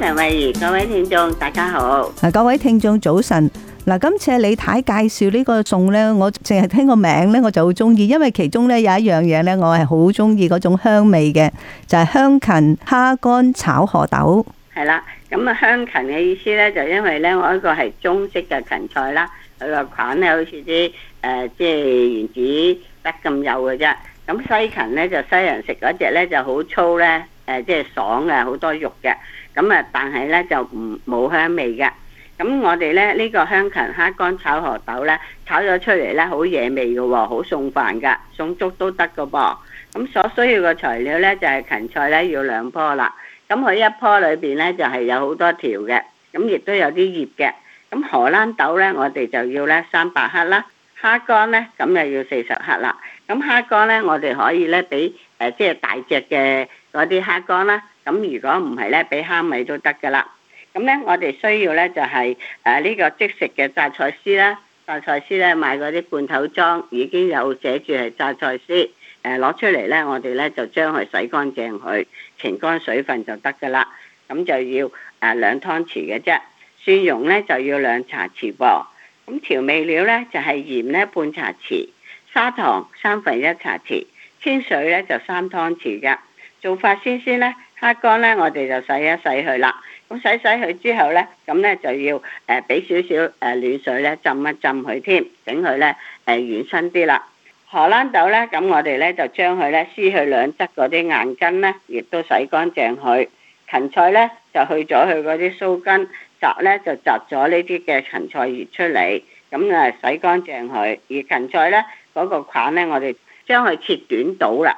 各位聽眾大家好，嗱各位聽眾早晨。嗱，今次李太介紹呢個餸咧，我淨係聽個名咧，我就好中意，因為其中咧有一樣嘢咧，我係好中意嗰種香味嘅，就係香芹蝦乾炒河豆。係啦，咁啊香芹嘅意思咧，就因為咧我呢個係中式嘅芹菜啦，佢個款咧好似啲誒，即係原子筆咁幼嘅啫。咁西芹呢，就西人食嗰隻呢就好粗呢，誒即係爽嘅，好多肉嘅。咁啊，但係呢，就唔冇香味嘅。咁我哋呢，呢、這個香芹蝦乾炒河豆呢，炒咗出嚟呢，好惹味嘅，哦，好送飯噶，送粥都得嘅噃。咁所需要嘅材料呢，就係、是、芹菜呢，要兩棵啦。咁佢一棵裏邊呢，就係、是、有好多條嘅，咁亦都有啲葉嘅。咁荷蘭豆呢，我哋就要呢，三百克啦。蝦乾呢，咁又要四十克啦。咁蝦乾呢，我哋可以呢，俾、啊、誒，即、就、係、是、大隻嘅嗰啲蝦乾啦。咁如果唔係呢，俾蝦米都得㗎喇。咁呢，我哋需要呢，就係誒呢個即食嘅榨菜絲啦，榨菜絲呢，買嗰啲罐頭裝，已經有寫住係榨菜絲。誒、啊、攞出嚟呢，我哋呢，就將佢洗乾淨佢，乾乾水分就得㗎喇。咁就要誒、啊、兩湯匙嘅啫，蒜蓉呢，就要兩茶匙噃。咁調味料呢，就係鹽呢半茶匙，砂糖三分一茶匙，清水呢，就三湯匙嘅。做法，先先呢，蝦乾呢，我哋就洗一洗佢啦。咁洗洗佢之後呢，咁呢就要誒俾少少誒暖水呢浸一浸佢添，等佢呢誒軟身啲啦。荷蘭豆呢，咁我哋呢就將佢呢撕去兩側嗰啲硬根呢，亦都洗乾淨佢。芹菜呢，就去咗佢嗰啲鬚根。摘咧就摘咗呢啲嘅芹菜葉出嚟，咁啊洗乾淨佢。而芹菜咧嗰個框咧，我哋將佢切短到啦。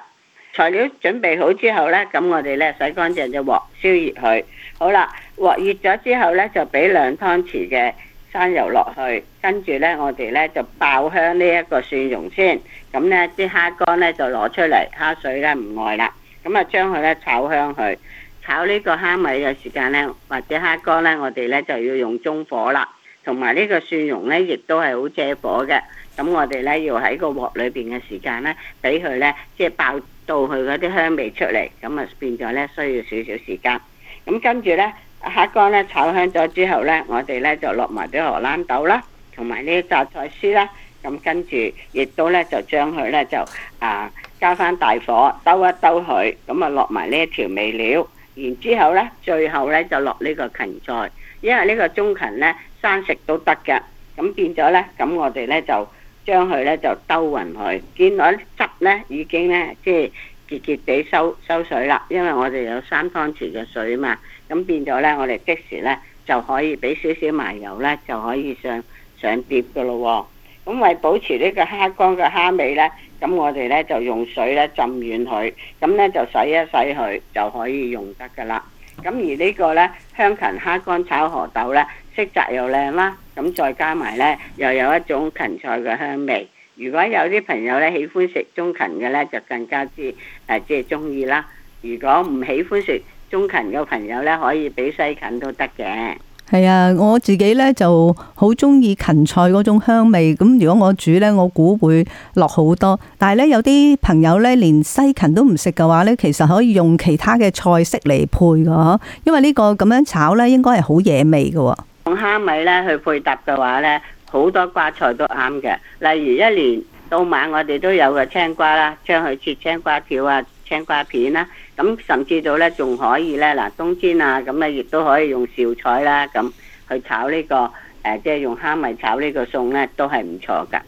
材料準備好之後咧，咁我哋咧洗乾淨隻鑊，燒熱佢。好啦，鑊熱咗之後咧，就俾兩湯匙嘅生油落去，跟住咧我哋咧就爆香呢一個蒜蓉先。咁咧啲蝦乾咧就攞出嚟，蝦水咧唔愛啦。咁啊將佢咧炒香佢。炒呢個蝦米嘅時間呢，或者蝦乾呢，我哋呢就要用中火啦。同埋呢個蒜蓉呢，亦都係好借火嘅。咁我哋呢要喺個鑊裏邊嘅時間呢，俾佢呢，呢即係爆到佢嗰啲香味出嚟。咁啊變咗呢，需要少少時間。咁跟住呢，蝦乾呢炒香咗之後呢，我哋呢就落埋啲荷蘭豆啦，同埋呢啲榨菜絲啦。咁跟住亦都呢，就將佢呢就啊加翻大火兜一兜佢。咁啊落埋呢啲調味料。然之後呢，最後呢就落呢個芹菜，因為呢個中芹呢生食都得嘅，咁變咗呢，咁我哋呢就將佢呢就兜勻佢，見到啲汁呢已經呢，即係結結地收收水啦，因為我哋有三湯匙嘅水嘛，咁變咗呢，我哋即時呢就可以俾少少麻油呢，就可以上上碟嘅咯喎。咁為保持呢個蝦乾嘅蝦味呢，咁我哋呢就用水呢浸軟佢，咁呢就洗一洗佢就可以用得㗎喇。咁而呢個呢，香芹蝦乾炒河豆呢，色澤又靚啦，咁再加埋呢，又有一種芹菜嘅香味。如果有啲朋友呢喜歡食中芹嘅呢，就更加之誒即係鍾意啦。如果唔喜歡食中芹嘅朋友呢，可以俾西芹都得嘅。係啊，我自己呢就好中意芹菜嗰種香味。咁如果我煮呢，我估會落好多。但係呢，有啲朋友呢連西芹都唔食嘅話呢，其實可以用其他嘅菜式嚟配嘅。因為呢個咁樣炒呢，應該係好野味嘅。用蝦米呢去配搭嘅話呢，好多瓜菜都啱嘅。例如一年到晚我哋都有個青瓜啦，將佢切青瓜條啊。青瓜片啦，咁甚至到咧仲可以咧嗱冬煎啊，咁咧亦都可以用紹菜啦，咁去炒呢、這個誒、呃，即係用蝦米炒個呢個餸咧，都係唔錯噶。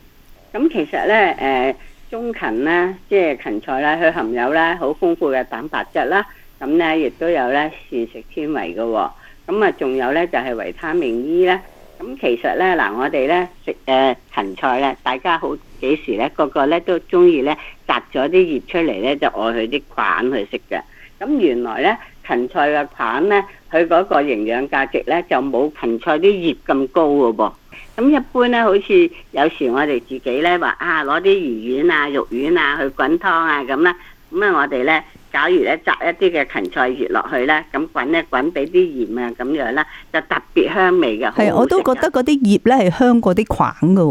咁其實咧誒、呃，中芹咧即係芹菜咧，佢含有咧好豐富嘅蛋白質啦，咁咧亦都有咧膳食纖維嘅喎、哦，咁啊仲有咧就係、是、維他命 E 咧。咁其實呢，嗱我哋呢食誒、呃、芹菜呢，大家好幾時呢，個個呢都中意呢摘咗啲葉出嚟呢，就愛佢啲棒去食嘅。咁原來呢，芹菜嘅棒呢，佢嗰個營養價值呢就冇芹菜啲葉咁高嘅噃。咁一般呢，好似有時我哋自己呢話啊，攞啲魚丸啊、肉丸啊去滾湯啊咁啦，咁啊我哋呢。假如咧摘一啲嘅芹菜葉落去咧，咁滾一滾，俾啲鹽啊咁樣啦，就特別香味嘅。係的，我都覺得嗰啲葉咧係香過啲菌噶。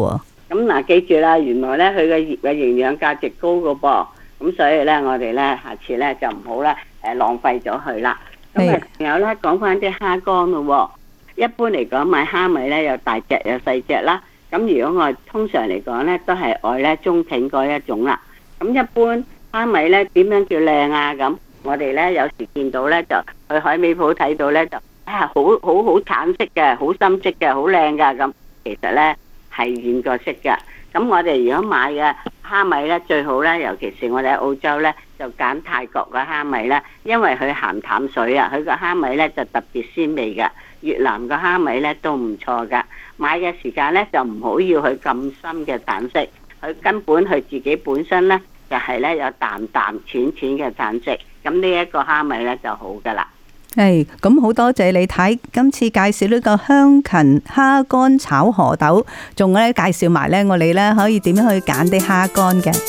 咁嗱，記住啦，原來咧佢嘅葉嘅營養價值高噶噃，咁所以咧我哋咧下次咧就唔好咧誒浪費咗佢啦。係的。仲有咧，講翻啲蝦乾噶，一般嚟講買蝦米咧又大隻又細隻啦。咁如果我通常嚟講咧，都係愛咧中挺嗰一種啦。咁一般。蝦米咧點樣叫靚啊？咁我哋咧有時見到咧，就去海味鋪睇到咧，就係好好好橙色嘅，好深色嘅，好靚噶。咁其實咧係染過色嘅。咁我哋如果買嘅蝦米咧，最好咧，尤其是我哋喺澳洲咧，就揀泰國嘅蝦米啦，因為佢鹹淡水啊，佢個蝦米咧就特別鮮味嘅。越南嘅蝦米咧都唔錯嘅。買嘅時間咧就唔好要佢咁深嘅橙色，佢根本佢自己本身咧。就係咧有淡淡淺淺嘅顏色，咁呢一個蝦米咧就好噶啦。係，咁好多謝你睇今次介紹呢個香芹蝦乾炒河豆，仲咧介紹埋咧我哋咧可以點樣去揀啲蝦乾嘅。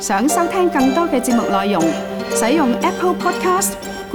想收聽更多嘅節目內容，使用 Apple Podcast。